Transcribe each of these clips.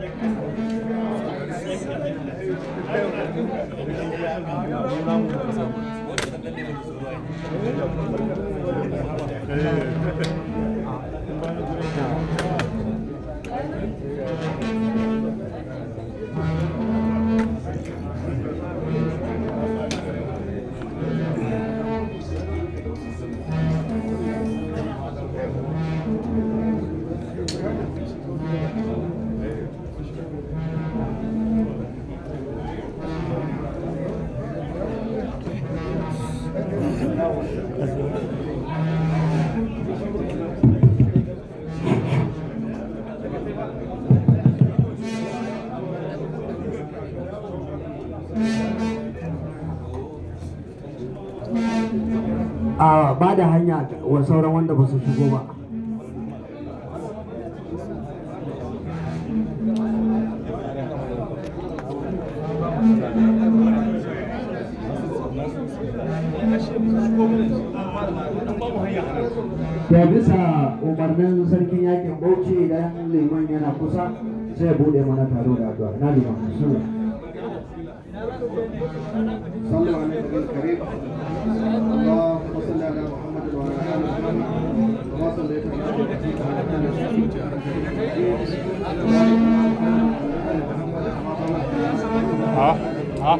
감사합니다. 네. a ba da hanya wa sauran wanda ba su shigo ba da bisa umarnin sarkin yakin bauchi idan liman yana kusa zai bude mana taro da addu'a na liman su sallallahu 好，好。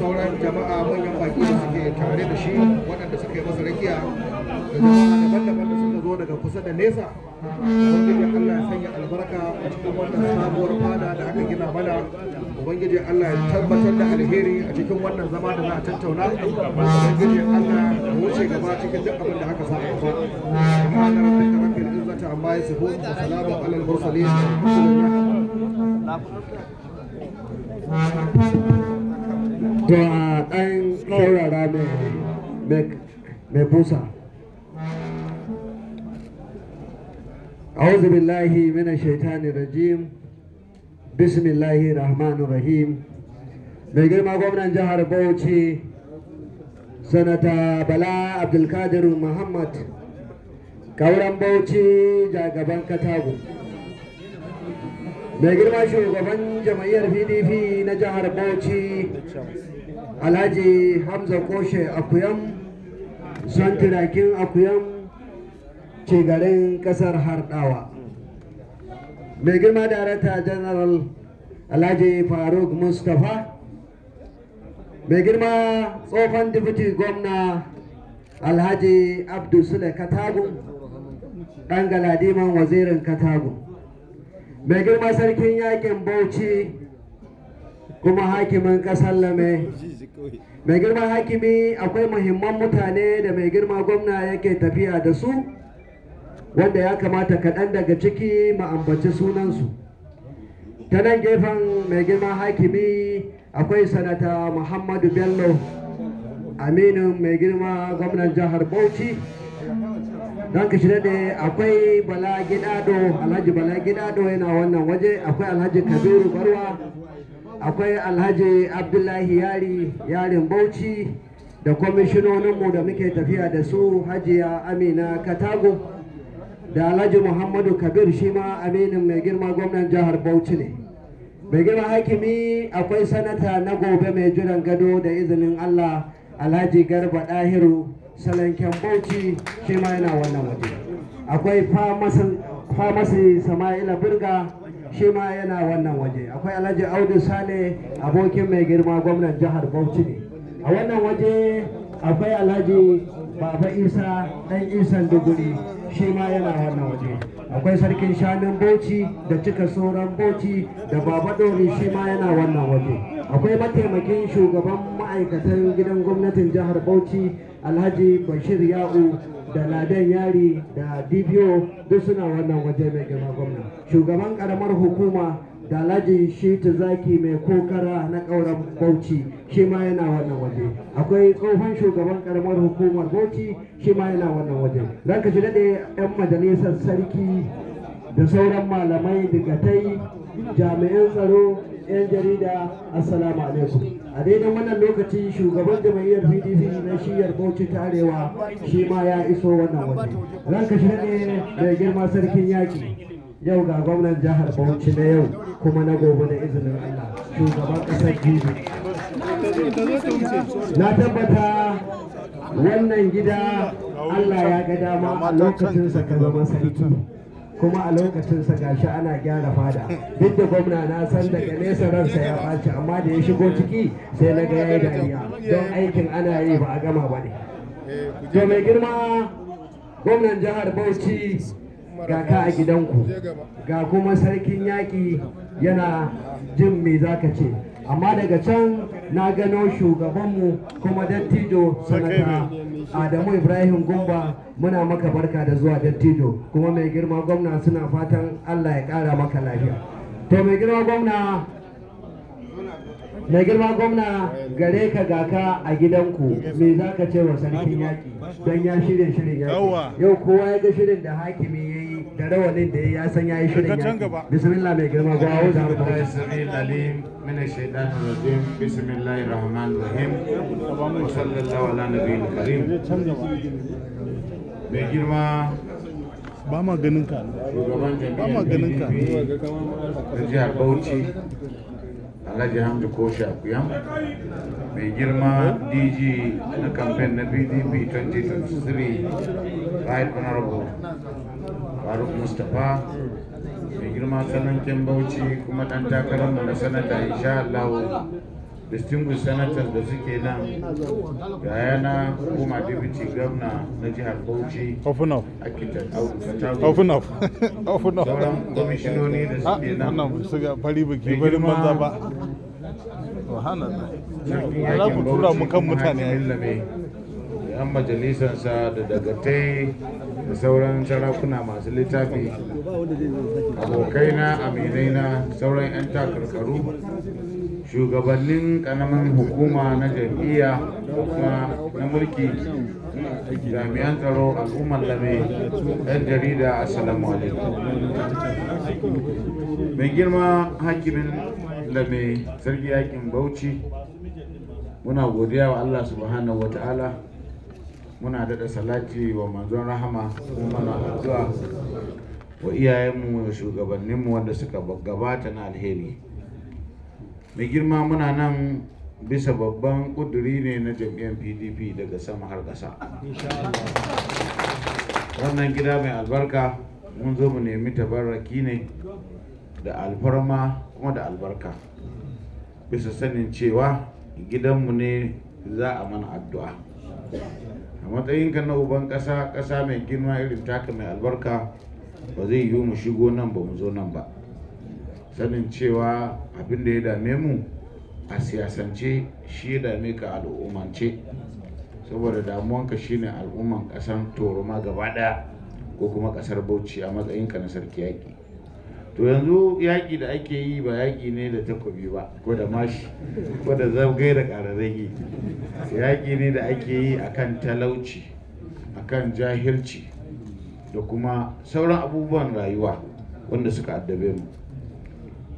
sauran jama'a manyan baki da suke tare da shi waɗanda suka masa rakiya daga zo daga kusa da nesa ubangiji Allah ya sanya albarka a cikin wannan sabuwar fada da aka gina mana ubangiji Allah ya tabbatar da alheri a cikin wannan zama da za a tattauna ubangiji Allah ya wuce gaba cikin duk abin da aka sa a gaba subhana rabbika rabbil izzati amma alal to a ɗan mai busa أعوذ بالله من الشيطان الرجيم بسم الله الرحمن mai girma gwamnan jihar bauchi sanata bala abdulkadir muhammad kauran bauchi jagaban katago mai girma shugaban jam'iyyar pdp na jihar bauchi alhaji hamza koshe akuyam son tirakin akuyam ce garin kasar hardawa mai girma darata general alhaji faruk mustapha mai girma tsohon dipiti gwamna alhaji abdulsule katagun ɗan galadiman wazirin katagun mai girma sarkin yakin bauchi kuma hakimin ƙasar lame mai girma hakimi akwai muhimman mutane da mai girma gwamna yake tafiya da su wanda ya kamata kaɗan daga ciki ma'ambaci sunansu ta nan gefen mai girma hakimi akwai sanata muhammadu bello aminu mai girma gwamnan jihar bauchi don ka shirya da akwai bala gidado alhaji bala gidado yana wannan waje akwai alhaji kabiru barwa akwai alhaji abdullahi yari yarin bauchi da kwamishinoninmu da muke tafiya da su hajiya amina katago da alhaji muhammadu kabir shi ma aminin mai girma gwamnan jihar bauchi ne mai girma hakimi akwai sanata na gobe mai jiran gado da izinin allah alhaji garba dahiru salanken bauchi shi ma yana wannan waje akwai famasi sama'ila birga shi ma yana wannan waje akwai alhaji audu sale abokin mai girma gwamnan jihar bauchi ne a wannan waje akwai alhaji baba isa dan isan duguri shi ma yana wannan waje akwai sarkin shanun boci da cika sauran boci da baba dori shi ma yana wannan waje akwai mataimakin shugaban ma'aikatan gidan gwamnatin jihar bauchi alhaji bashir ya'u da ladan yari da dibiyo duk suna wannan waje mai girma gwamna shugaban karamar hukuma da alhaji shi zaki mai kokara na ƙauren bauchi shi ma yana wannan waje akwai tsohon shugaban karamar hukumar bauchi shi ma yana wannan waje ka shi daɗe 'yan majalisar sarki da sauran malamai daga digatai jami'an tsaro 'yan jarida assalamu alaikum a daidai wannan lokaci shugaban jami'ar pdp na shiyar bauchi ta arewa shi ma ya iso wannan waje shi daɗe mai girma sarkin yaki yau ga gwamnan jihar bauchi na yau kuma na gobe na izinin allah shugaban ƙasar jibi na tabbata wannan gida allah ya ga dama a lokacinsa ka zama sarki kuma a lokacinsa gashi ana gyara fada duk da gwamna na san daga nesa ransa ya ɓaci amma da ya shigo ciki sai na ga ya dariya don aikin ana yi ba a gama ba ne to mai girma gwamnan jihar bauchi ga ka a gidanku ga kuma sarkin yaƙi yana jin me za ka ce amma daga can na gano shugabanmu kuma dattijo sanata adamu ibrahim gumba muna maka barka da zuwa dattijo kuma mai girma gwamna suna fatan allah ya ƙara maka lafiya to mai girma gwamna na girma gwamna gare ka ga ka a gidanku me za ka ce wa sarkin yaƙi don ya shirya shirin yaƙi yau kowa ya ga shirin da hakimi ya yi da rawanin da ya san ya yi shirin yaƙi bismillah mai girma gwa hau da hau alim min shaitan rajim bismillahir rahmanir rahim wa sallallahu ala nabiyil karim mai girma ba ma ganin ka ba ma ganin ka jihar bauchi alhaji hamdu ko shakuyam mai girma dg na kamfen na pdp 2023 right honorable faruk mustapha mai girma sanancin bauchi kuma ɗan takararmu na sanata insha allahu distinguished senators da suke nan yana kuma deputy governor na jihar bauchi open up open up open up sauran kwamishinoni da ah, suke nan nan su ga fari biki bari manza ba ala ku tura mu kan mutane da yan sa da dagatai da sauran sarakuna masu littafi abokaina aminaina sauran 'yan takarkaru shugabannin kanamin hukuma na jam'iyya na mulki jami'an tsaro al'ummar lame yan jarida assalamu alaikum mai girma hakimin lame sarki yakin bauchi muna godiya wa allah subhanahu wa ta'ala muna daɗa salati wa manzon rahama kuma na addu'a wa iyayenmu da shugabanninmu wanda suka gabata na alheri mai girma muna nan bisa babban kuduri ne na jam'ian pdp daga sama har ƙasa wannan gida mai albarka mun zo mu nemi tabarraki ne da alfarma kuma da albarka bisa sanin cewa gidanmu ne za a mana addu'a a matsayinka na uban ƙasa ƙasa mai girma irin taka mai albarka ba zai yiwu mu shigo nan ba mu zo nan ba sanin cewa abin da ya dame mu a siyasance shi ya dame ka al'ummance saboda damuwanka shine al'umman kasan toroma gaba daya ko kuma kasar bauchi a matsayinka na sarki yaki to yanzu yaƙi da ake yi ba yaki ne da takobi ba ko da mashi ko da zagaye da ƙararrage yaƙi ne da ake yi akan talauci akan jahilci da kuma sauran abubuwan rayuwa wanda suka addabe mu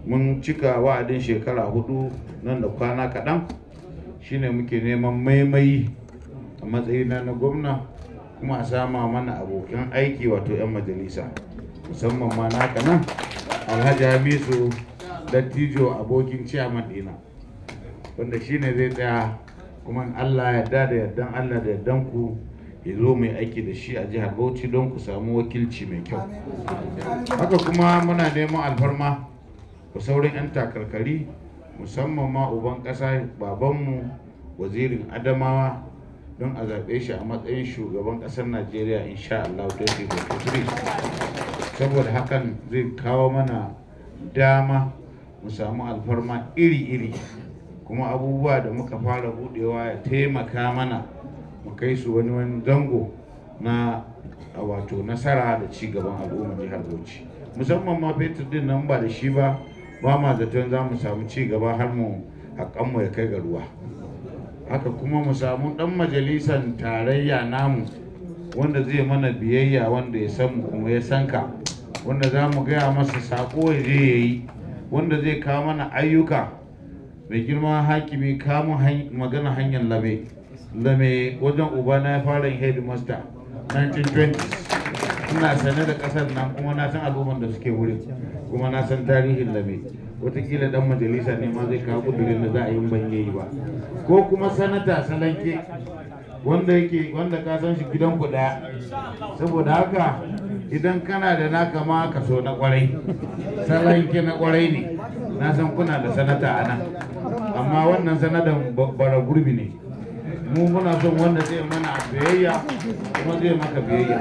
mun cika wa'adin shekara hudu nan da kwana kaɗan shine muke neman maimai a matsayina na gwamna kuma a sama mana abokan aiki wato 'yan majalisa musamman ma naka nan alhaji hamisu dattijo abokin ciyaman ɗina wanda shine zai tsaya kuma allah yadda da yardan allah da yardan ku ya zo mai aiki da shi a jihar bauchi don ku samu wakilci mai kyau haka kuma muna neman alfarma ku saurin 'yan takarkari musamman ma uban ƙasa babanmu wazirin adamawa don a zaɓe shi a matsayin shugaban ƙasar najeriya insha Allah 2023 saboda hakan zai kawo mana dama mu samu alfarma iri-iri kuma abubuwa da muka fara budewa ya taimaka mana mu kai su wani wani zango na wato nasara da ci gaban al'ummar jihar bauchi musamman ma fetur din nan ba da shi ba ba ma zaton za mu samu ci gaba har mu haƙanmu ya kai ga ruwa haka kuma mu samu ɗan majalisan tarayya namu wanda zai mana biyayya wanda ya san kuma ya san ka wanda za mu gaya masa sako ya je ya yi wanda zai kawo mana ayyuka mai girma hakimi kamun magana hanyar lame lame wajen ubana ya fara yin headmaster 1920s ina sane da kasar nan kuma na san abubuwan da suke wurin kuma na san tarihin labe watakila dan majalisa ne ma zai kawo kudurin da za a yi ban yayi ba ko kuma sanata salanke wanda yake wanda ka san shi gidan ku daya saboda haka idan kana da naka ma kaso na kwarai salanke na kwarai ne na san kuna da sanata a nan amma wannan sanadan bara gurbi ne mu muna son wanda zai mana biyayya kuma zai maka biyayya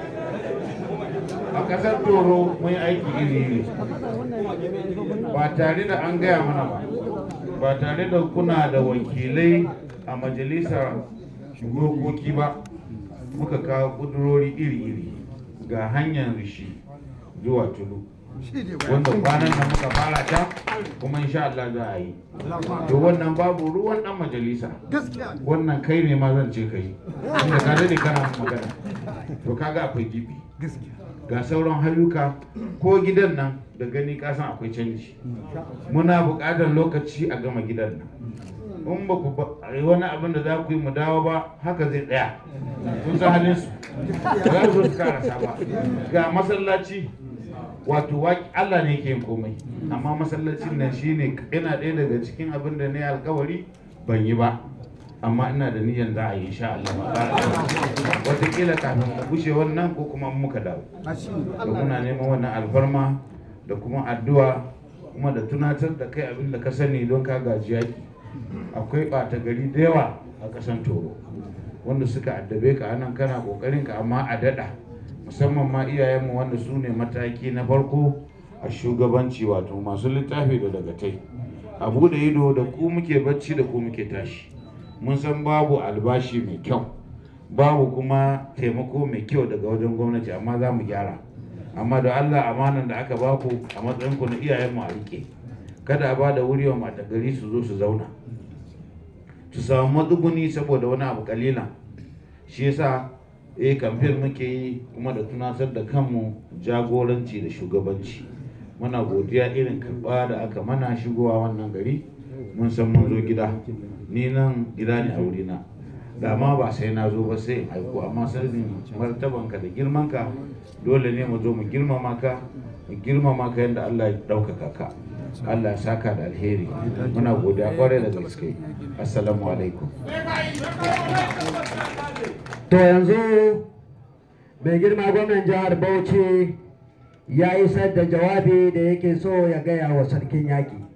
a ƙasar toro mun yi aiki iri ba tare da an gaya mana ba ba tare da kuna da wakilai a majalisar shugogoki ba muka kawo ƙudurori iri-iri ga hanyar rishi zuwa tulu wanda kwanan da muka fara ta kuma insha Allah za a yi to wannan babu ruwan dan majalisa wannan kai ne ma zan ce kai inda ka dade kana magana to kaga akwai gibi ga sauran hayuka ko gidan nan da gani kasan akwai canji muna buƙatar lokaci a gama gidan nan in ba ku wani abin da za ku yi mu dawo ba haka zai tsaya sun san halin su za su karasa ba ga masallaci wato Allah ne yake yin komai amma masallacin nan shine yana ɗaya daga cikin abin da ne alkawari ban yi ba amma ina da niyan za a yi sha Allah wataƙila kafin mu bushe wannan ko kuma muka dawo da muna neman wannan alfarma da kuma addu'a kuma da tunatar da kai abin da ka sani don ka gaji yaki akwai ɓata gari da yawa a ƙasan toro wanda suka addabe ka anan kana ƙoƙarin ka amma a daɗa musamman ma iyayenmu wanda su ne mataki na farko a shugabanci wato masu littafi da dagatai a buɗe ido da ku muke bacci da ku muke tashi mun san babu albashi mai kyau babu kuma taimako mai kyau daga wajen gwamnati amma za mu gyara amma da allah amanan da aka baku a matsayinku na mu a rike kada a bada wuri wa mata gari su zo su zauna su samu matsuguni saboda wani abu kalilan shi yasa eh kamfen muke yi kuma da tunasar da kanmu jagoranci da shugabanci muna godiya irin karɓa da aka mana shigowa wannan gari mun san mun zo gida ni nan gida ne a wurina da ma ba sai na zo ba sai aiko amma sanin ka da girmanka dole ne mu zo mu girmama ka mu girmama ka yadda Allah ya ɗaukaka ka Allah ya saka da alheri muna godiya kwarai da gaske assalamu alaikum to yanzu mai girma gwamnan jihar Bauchi ya isar da jawabi da yake so ya gaya wa sarkin Yaki.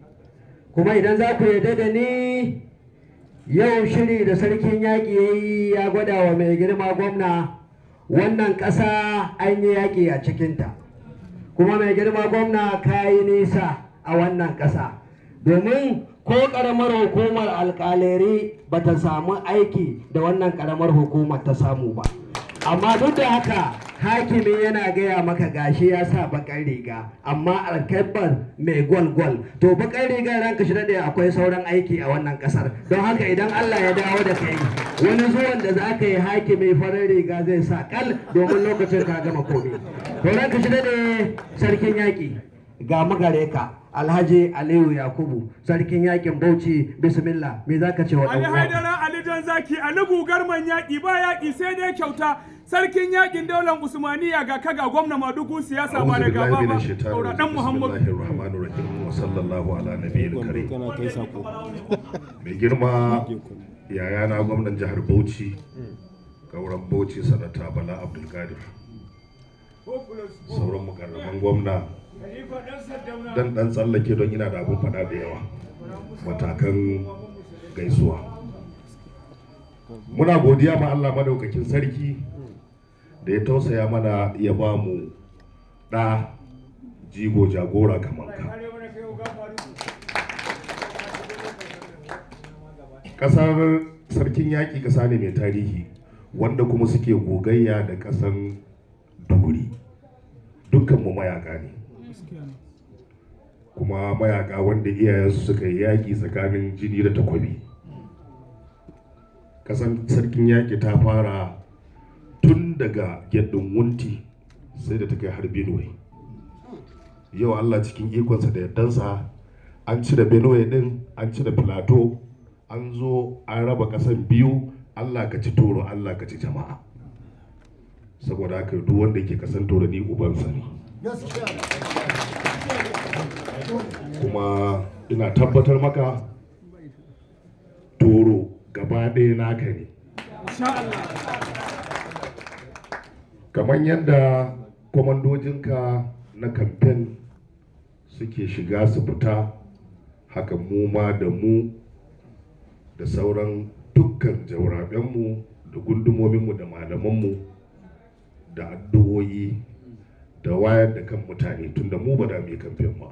kuma idan za ku yarda da ni yau shiri da sarkin yaƙi ya yi ya gwada wa mai girma gwamna wannan ƙasa an yi yaƙi a cikinta kuma mai girma gwamna ka yi nisa a wannan ƙasa domin ko ƙaramar hukumar alƙalari ba ta samu aiki da wannan ƙaramar hukumar ta samu ba amma duk da haka hakimi yana gaya maka gashi ya sa bakar riga amma alkaibar mai gwal-gwal to bakar rigar ranka shi daɗe akwai sauran aiki a wannan kasar don haka idan Allah ya dawo da kai wani zuwan da za ka yi hakimi farar riga zai sa kal domin lokacin ka gama komai to ranka shi daɗe sarkin yaƙi ga magare ka Alhaji Aliyu Yakubu sarkin yakin Bauchi bismillah me zaka ce wa dan Ali Haidara dan zaki Ali nugu yaki yaƙi ba yaƙi sai dai kyauta sarkin yakin daular usmaniya ga kaga gwamna madugu siyasa ba da gaba ba saura dan muhammad sallallahu ala nabiyil karim mai girma yaya na gwamnan jihar bauchi gauran bauchi sanata bala abdulkadir sauran mukarraman gwamna dan dan tsallake don ina da abun fada da yawa matakan gaisuwa muna godiya ma Allah madaukakin sarki da ya tausaya mana ya ba mu ɗa jigo jagora kamar ka ƙasar sarkin yaƙi ƙasa ne mai tarihi wanda kuma suke gogayya da ƙasar dukkan dukkanmu mayaka ne kuma mayaka wanda iyayensu suka yi yaƙi tsakanin jini da takobi kasan sarkin yaki ta fara tun daga gyaɗin wunti sai da ta kai har benue yau allah cikin ikonsa da yardansa an cire benue din an cire filato an zo an raba ƙasan biyu allah ka ci toro allah ka ci jama'a saboda haka duk wanda ke kasan toro ni ubansa ne kuma ina tabbatar maka toro gaba ɗaya naka ne kamar yadda kwamandojinka na kamfen suke shiga su fita haka mu ma da mu da sauran dukkan jaurabenmu da gundumominmu da malamanmu da addu'o'i da wayar da kan mutane tunda mu ba da mai kamfen ma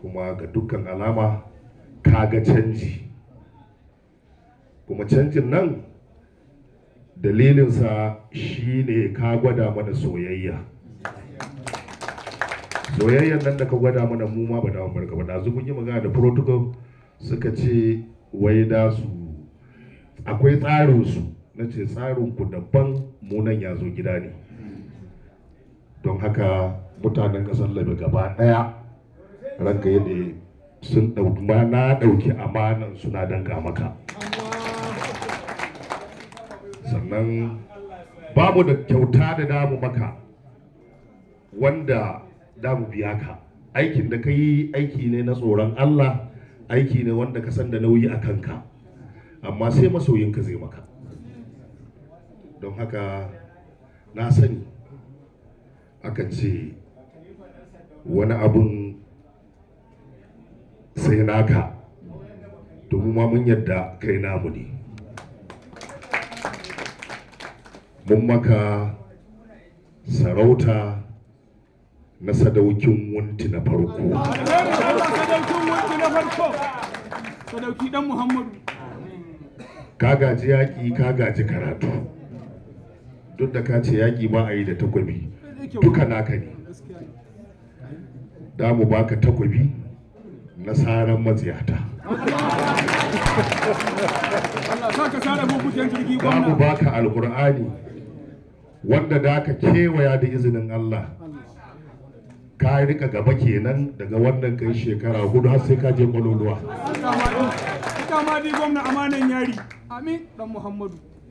kuma ga dukkan alama ka ga canji kuma canjin nan dalilinsa shine ka gwada mana soyayya soyayyar nan da ka gwada mana mu ma ba da amurka ba da kun yi magana da protocol suka ce wai da su akwai tsarin su na ce tsarin ku daban munan ya zo gida ne don haka mutanen kasar labe gaba ɗaya ranka yadda sun ɗauki na ɗauki amanan suna danka maka sannan babu da kyauta da damu maka wanda damu biya ka aikin da ka yi aiki ne na tsoron Allah aiki ne wanda ka san da nauyi a kanka amma sai masoyinka zai maka don haka na sani aka ce wani abun sai naka domin ma mun yadda kai namu ne mun maka sarauta na sadaukin wunti na farko ka gaji yaƙi ka gaji karatu duk da ka ce yaƙi ba a yi da takobi, duka naka ne da mu baka takobi na saran maziyata. da mu baka alkur'ani wanda da ka kewaya da izinin Allah ka rika gaba kenan daga wannan kai shekara hudu har sai ka je kwaloluwa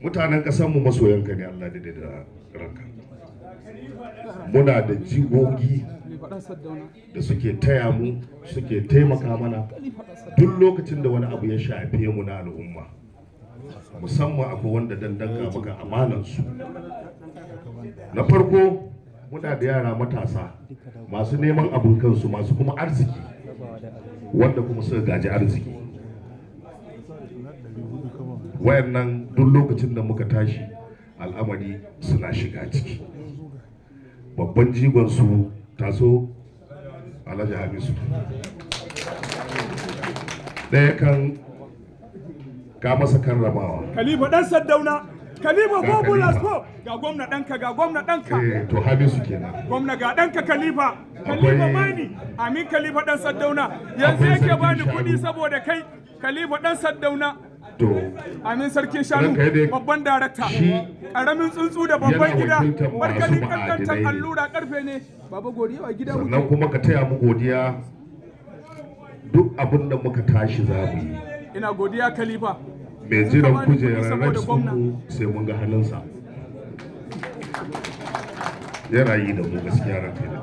mutanen kasan mu masoyan ka ne Allah da da ranka muna da jigogi da suke taya mu suke taimaka mana duk lokacin da wani abu ya shafe mu na al'umma musamman akwai wanda dandanka maka amanansu na farko muna da yara matasa masu neman abin kansu masu kuma arziki wanda kuma suka gaji arziki wayannan duk lokacin da muka tashi al'amari suna shiga ciki babban jigon jigonsu taso alhaji hamisu ɗaya kan ka masa rabawa. kalifa dan saddauna kalifa bula lasfo ga gwamna ka, ga gwamna ka. eh to su kenan gwamna ga danka kalifa kalifa mani amin kalifa dan saddauna yanzu yake bani kudi saboda kai kalifa dan saddauna to amin sarkin shanu babban darakta karamin tsuntsu da babban gida barkalin kankantar allura karfe ne baba godiya wa gida sannan kuma ka taya mu godiya duk abin da muka tashi za mu yi ina godiya kalifa mai jiran kujerar rex uku sai mun ga hannunsa yana yi da mu gaskiya ran kai da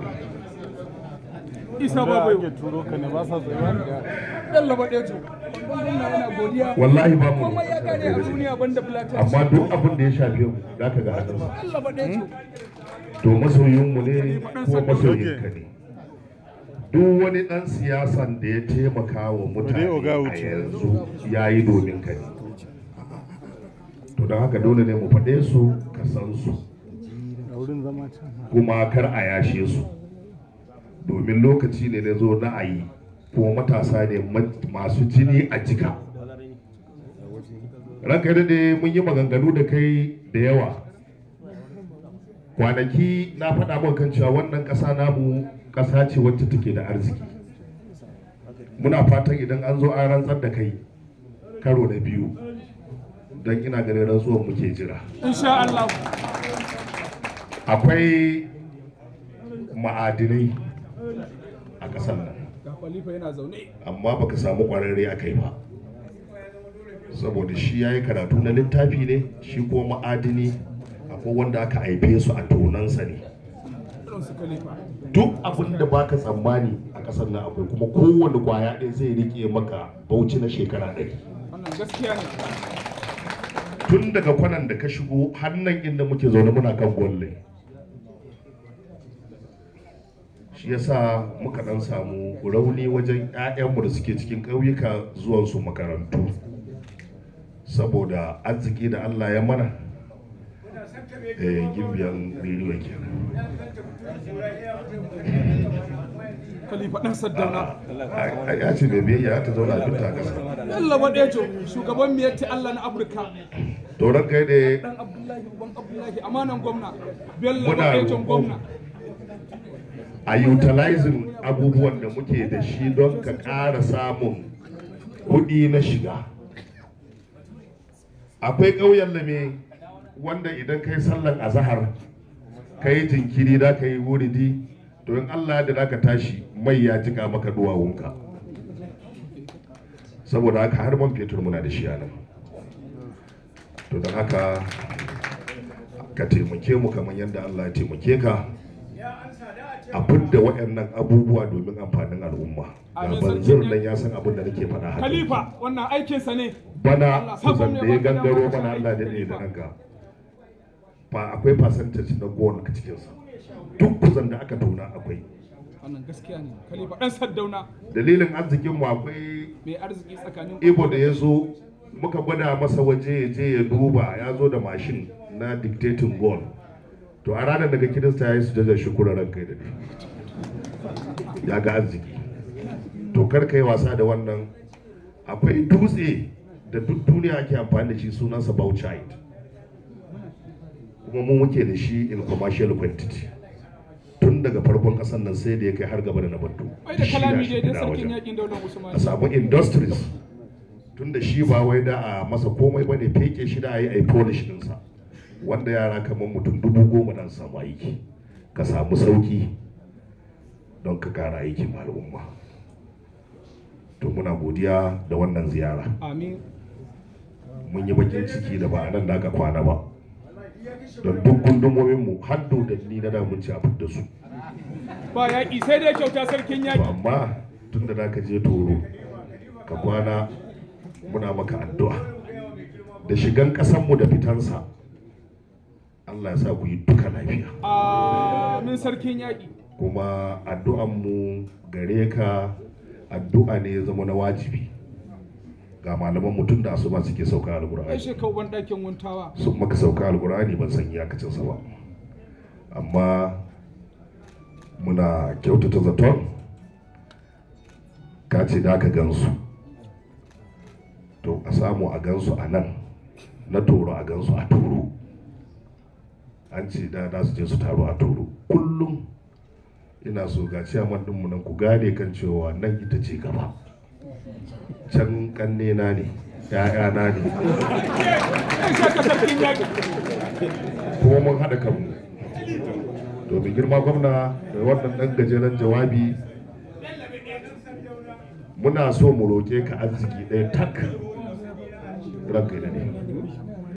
isa ba bai turo ka ne ba sa tsayawa da wallahi ba mu amma duk abin da ya shafe mu za ka ga hannunsa to masoyin mu ne ko masoyin ka ne duk wani ɗan siyasan da ya taimaka wa mutane a yanzu ya yi domin ka ne to don haka dole ne mu faɗe su ka san su kuma kar a yashe su domin lokaci ne na zo na ayi kuma matasa ne masu jini a jika ranka ne mun yi maganganu da kai da yawa kwanaki na faɗa mun kan cewa wannan ƙasa namu ƙasa ce wacce take da arziki muna fatan idan an zo an rantsar da kai karo na biyu don ina ganin rantsuwar muke jira insha Allah akwai ma'adinai a ƙasar nan amma baka samu ƙwararre a kai ba saboda shi ya yi karatu na littafi ne shi kuma ma'adini akwai wanda aka haife su a tonansa ne duk abin da baka tsammani a ƙasar nan akwai kuma kowane kwaya ɗaya zai riƙe maka bauchi na shekara ɗari tun daga kwanan da ka shigo hannun inda muke zaune muna kan gwalle shi yasa muka dan samu rauni wajen 'ya'yanmu da suke cikin ƙauyuka zuwansu makarantu saboda arziki da allah ya mana eh, gimbiyan rediyo kenan khalifa dan saddauna ya ce bebe ya ta zauna a binta a ƙasa yalla wadejo shugaban ta allah na afirka to ranka ne dan abdullahi uban abdullahi amanan gwamna bello gwamna a utilizing abubuwan da muke da shi don ka ƙara samun kuɗi na shiga akwai ƙauyen lame wanda idan kai sallar azahar ka yi jinkiri da ka yi wuridi to in allah da ka tashi mai ya jika maka duwawunka saboda haka har man fetur muna da shi a nan to don haka ka taimake mu kamar yadda Allah ya taimake ka a fidda waɗannan abubuwa domin amfanin al'umma ga banzur nan ya san abin da nake faɗa khalifa wannan sa ne bana kusan da ya gangaro bana Allah da da hanka ba akwai percentage na gona a cikinsa duk kusan da aka tauna akwai wannan gaskiya ne khalifa dan saddauna dalilin arzikin mu akwai mai arziki tsakanin ibo da ya zo muka gwada masa waje ya je ya duba ya zo da mashin na dictating goal to a ranar daga kirista ya yi jajar shukura ran kai da ya ga arziki to kar yi wasa da wannan akwai dutse da duk duniya ke amfani da shi sunansa bauchite kuma mu muke da shi in commercial quantity tun daga farkon kasan nan sai da ya kai har gaba da na wajen. a samu industries tunda shi ba wai da a masa komai bane feke shi da a yi a polish ɗinsa wanda yara kamar mutum dubu goma dan samu aiki ka samu sauki don ka kara aiki ma al'umma to muna godiya da wannan ziyara mun yi bakin ciki da ba a nan da aka kwana ba don duk gundumominmu har ni na damun ci abin da su ba yaƙi sai dai kyauta sarkin yaƙi amma tun da ka je toro ka kwana muna maka addu'a da shigan ƙasanmu da fitansa Allah ya sa ku yi duka lafiya amin sarkin yaƙi kuma addu'anmu gare ka addu'a ne zama na wajibi ga malaman mutum da asuba suke sauka al'qur'ani. ai shekau ban dakin wuntawa sun maka sauka alkur'ani ban san iyakacin sa ba amma muna kyautata zaton ka ce da ka gansu to a samu a gansu a nan na toro a gansu a toro an ce da na su je su taro a toro kullum ina so ga ciyaman dinmu nan ku gane kan cewa nan ita ce gaba can kanne na ne na ne kuma mun haɗa kanmu domin girma gwamna da wannan ɗan gajeren jawabi muna so mu roƙe ka arziki ɗaya tak रख गिरने